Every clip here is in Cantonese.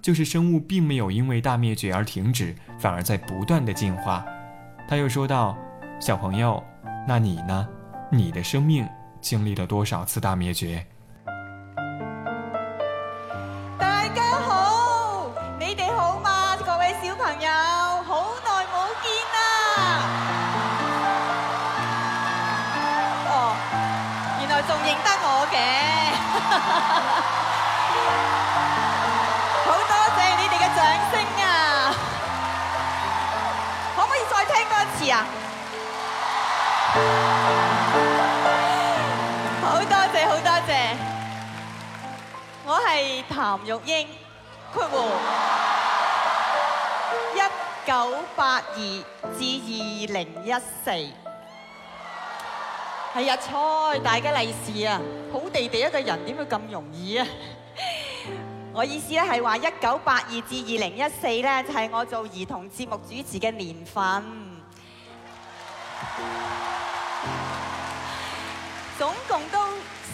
就是生物並沒有因為大滅絕而停止，反而在不斷的進化。他又說道：“小朋友，那你呢？你的生命經歷了多少次大滅絕？”大家好，你哋好嗎？各位小朋友，好耐冇見啦！哦，原來仲認得我嘅。 呀！好多謝，好多謝。我係譚玉英，括弧一九八二至二零一四係啊賽大家利是啊！好地地一個人，點會咁容易啊？我意思咧係話一九八二至二零一四咧，就係我做兒童節目主持嘅年份。總共都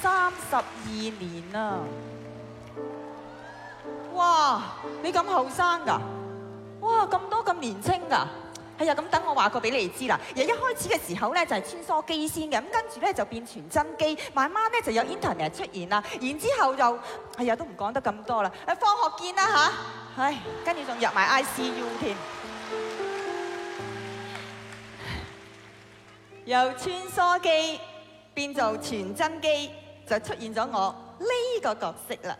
三十二年啦！哇，你咁後生噶，哇咁多咁年青噶，係、哎、啊！咁等我話過俾你哋知啦。由一開始嘅時候咧就係、是、穿梭機先嘅，咁跟住咧就變傳真機，慢慢咧就有 Internet 出現啦。然之後又係、哎、啊，都唔講得咁多啦。誒，放學見啦吓，係，跟住仲入埋 ICU 添。由穿梭機變做傳真機，就出現咗我呢個角色啦。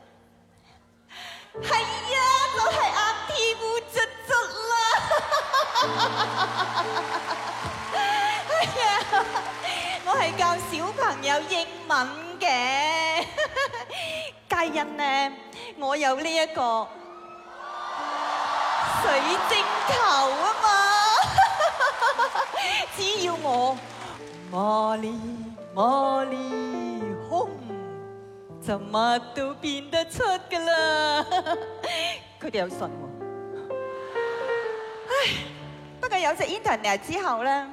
係呀， 我係阿 T 烏卒卒啦。哎呀，我係教小朋友英文嘅，皆因 呢我有呢、這、一個水晶球啊嘛。 只要我。魔利魔利紅，就乜都變得出㗎啦？佢哋 有信喎！唉，不過有只 Internet 之後咧，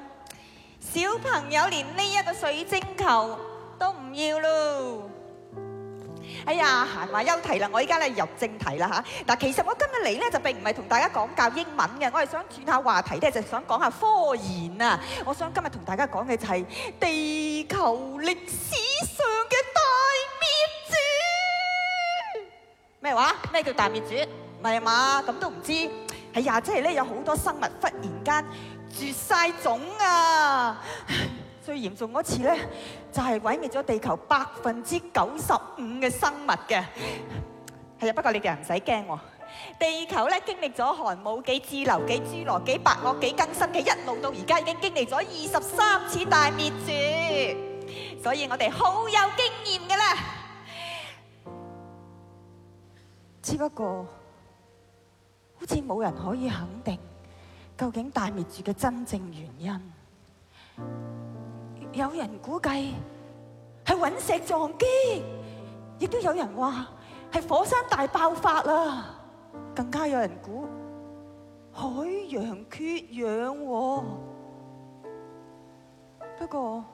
小朋友連呢一個水晶球都唔要咯。哎呀，閒話休提啦，我依家咧入正題啦嚇。嗱、啊，其實我今日嚟咧就並唔係同大家講教英文嘅，我係想轉下話題咧，就是、想講下科研啊。我想今日同大家講嘅就係地球歷史上嘅大滅絕。咩話？咩叫大滅絕？唔係嘛？咁都唔知。哎呀，即係咧有好多生物忽然間絕晒種啊！最嚴重嗰次咧，就係毀滅咗地球百分之九十五嘅生物嘅。係啊，不過你哋唔使驚，地球咧經歷咗寒武紀、志留紀、侏羅紀、白堊紀更新嘅一路到而家，已經經歷咗二十三次大滅絕，所以我哋好有經驗嘅啦。只不過，好似冇人可以肯定究竟大滅絕嘅真正原因。有人估計係隕石撞擊，亦都有人話係火山大爆發啦。更加有人估海洋缺氧。不過，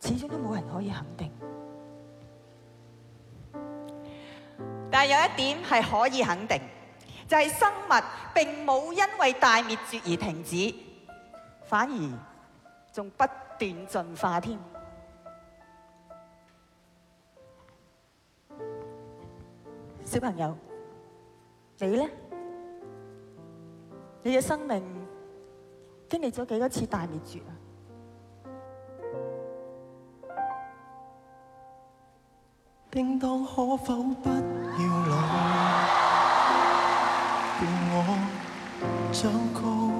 始終都冇人可以肯定。但有一點係可以肯定，就係生物並冇因為大滅絕而停止，反而，仲不斷進化添，小朋友，你呢？你嘅生命經歷咗幾多次大滅絕啊？叮當，可否不要老，讓我走高。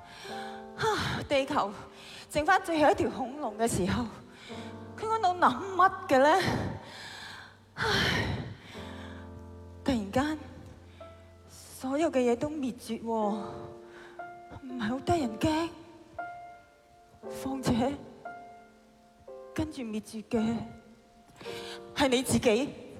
哈、啊！地球剩翻最後一條恐龍嘅時候，佢喺度諗乜嘅咧？唉、啊！突然間，所有嘅嘢都滅絕，唔係好得人驚。況且跟住滅絕嘅係你自己。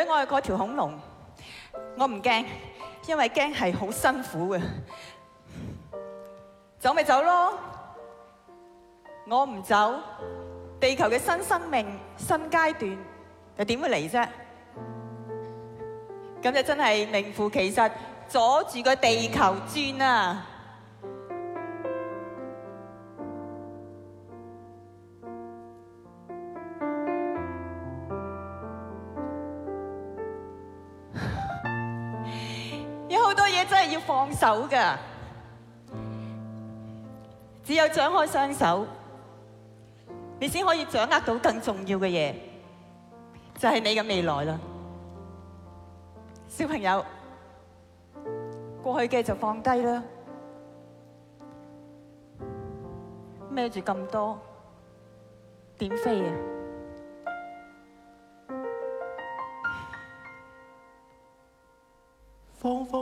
如果我係嗰條恐龍，我唔驚，因為驚係好辛苦嘅，走咪走囉，我唔走，地球嘅新生命、新階段又點會嚟啫？咁就真係名副其實，阻住個地球轉喇！好多嘢真係要放手㗎，只有張開雙手，你先可以掌握到更重要嘅嘢，就係你嘅未來啦。小朋友，過去嘅就放低啦，孭住咁多，點飛啊？芳芳。